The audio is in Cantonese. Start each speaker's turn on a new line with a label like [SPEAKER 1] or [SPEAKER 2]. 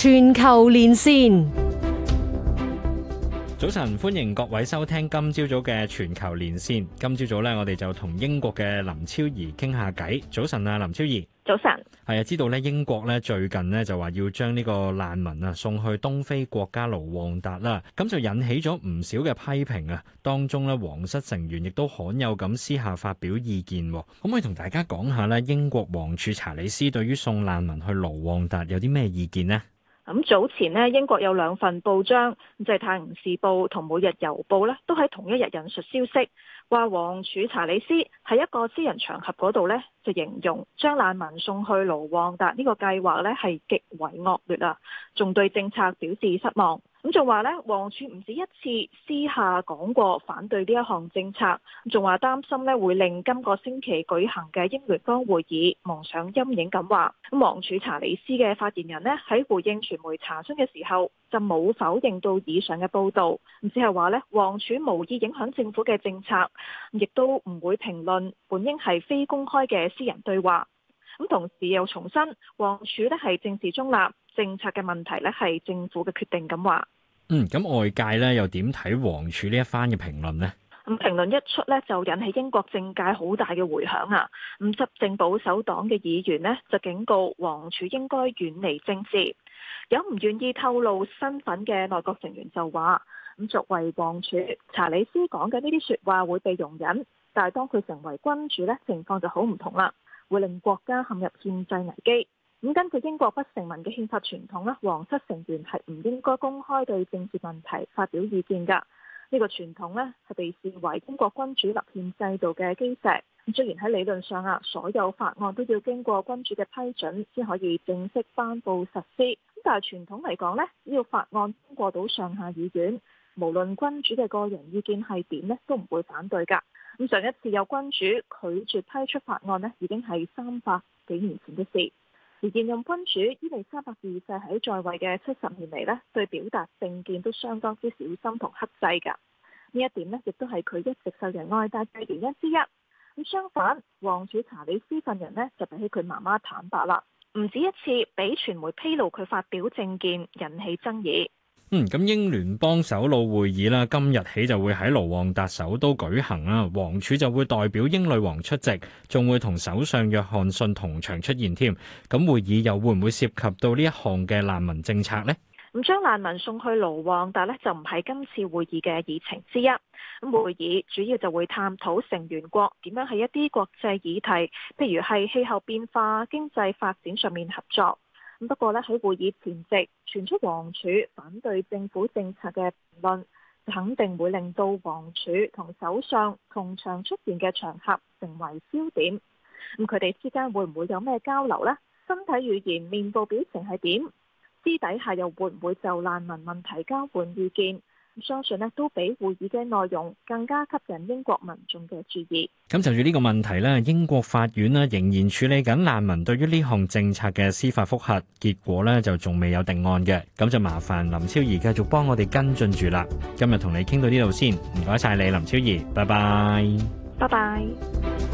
[SPEAKER 1] 全球連
[SPEAKER 2] 線，早晨，歡迎各位收聽今朝早嘅全球連線。今朝早呢，我哋就同英國嘅林昭儀傾下偈。早晨啊，林昭儀，早晨。係啊晨，知道呢英國呢，最近呢就話要將呢個難民啊送去東非國家盧旺達啦，咁就引起咗唔少嘅批評啊。當中呢，皇室成員亦都罕有咁私下發表意見，可唔可以同大家講下呢？英國王儲查理斯對於送難民去盧旺達有啲咩意見呢？
[SPEAKER 1] 咁早前呢，英國有兩份報章，就係、是《泰晤士報》同《每日郵報》呢，都喺同一日引述消息，話王儲查理斯喺一個私人場合嗰度呢，就形容將難民送去盧旺達呢個計劃呢，係極為惡劣啊，仲對政策表示失望。咁仲話咧，王儲唔止一次私下講過反對呢一項政策，仲話擔心咧會令今個星期舉行嘅英聯邦會議蒙上陰影。咁話，咁王儲查理斯嘅發言人咧喺回應傳媒查詢嘅時候就冇否認到以上嘅報道，咁只係話咧王儲無意影響政府嘅政策，亦都唔會評論本應係非公開嘅私人對話。咁同時又重申，王儲咧係政治中立，政策嘅問題咧係政府嘅決定。咁話。
[SPEAKER 2] 嗯，咁外界呢又點睇王儲呢一番嘅評論呢？
[SPEAKER 1] 咁評論一出呢，就引起英國政界好大嘅回響啊！咁執政保守黨嘅議員呢，就警告王儲應該遠離政治。有唔願意透露身份嘅內閣成員就話，咁作為王儲，查理斯講嘅呢啲說話會被容忍，但係當佢成為君主呢，情況就好唔同啦，會令國家陷入憲制危機。咁根據英國不成文嘅憲法傳統咧，皇室成員係唔應該公開對政治問題發表意見㗎。呢、這個傳統咧係被視為英國君主立憲制度嘅基石。咁雖然喺理論上啊，所有法案都要經過君主嘅批准先可以正式頒布實施。咁但係傳統嚟講呢，只要法案經過到上下議院，無論君主嘅個人意見係點咧，都唔會反對㗎。咁上一次有君主拒絕批出法案咧，已經係三百幾年前嘅事。而現任君主伊麗莎白二世喺在，在位嘅七十年嚟咧，對表達政見都相當之小心同克制嘅。呢一點呢，亦都係佢一直受人愛戴嘅原因之一。咁相反，王儲查理斯份人呢，就比起佢媽媽坦白啦，唔止一次俾傳媒披露佢發表政見引起爭議。
[SPEAKER 2] 嗯，咁英聯邦首腦會議啦，今日起就會喺盧旺達首都舉行啦。王儲就會代表英女王出席，仲會同首相約翰遜同場出現添。咁會議又會唔會涉及到呢一項嘅難民政策呢？咁
[SPEAKER 1] 將難民送去盧旺達呢，就唔係今次會議嘅議程之一。咁會議主要就會探討成員國點樣喺一啲國際議題，譬如係氣候變化、經濟發展上面合作。不過咧，喺會議前夕傳出王儲反對政府政策嘅評論，肯定會令到王儲同首相同場出現嘅場合成為焦點。咁佢哋之間會唔會有咩交流呢？身體語言、面部表情係點？私底下又會唔會就難民問題交換意見？相信咧都比會議嘅內容更加吸引英國民眾嘅注意。
[SPEAKER 2] 咁就住呢個問題咧，英國法院咧仍然處理緊難民對於呢項政策嘅司法覆核，結果咧就仲未有定案嘅。咁就麻煩林昭儀繼續幫我哋跟進住啦。今日同你傾到呢度先，唔該晒你，林昭儀，拜拜，
[SPEAKER 1] 拜拜。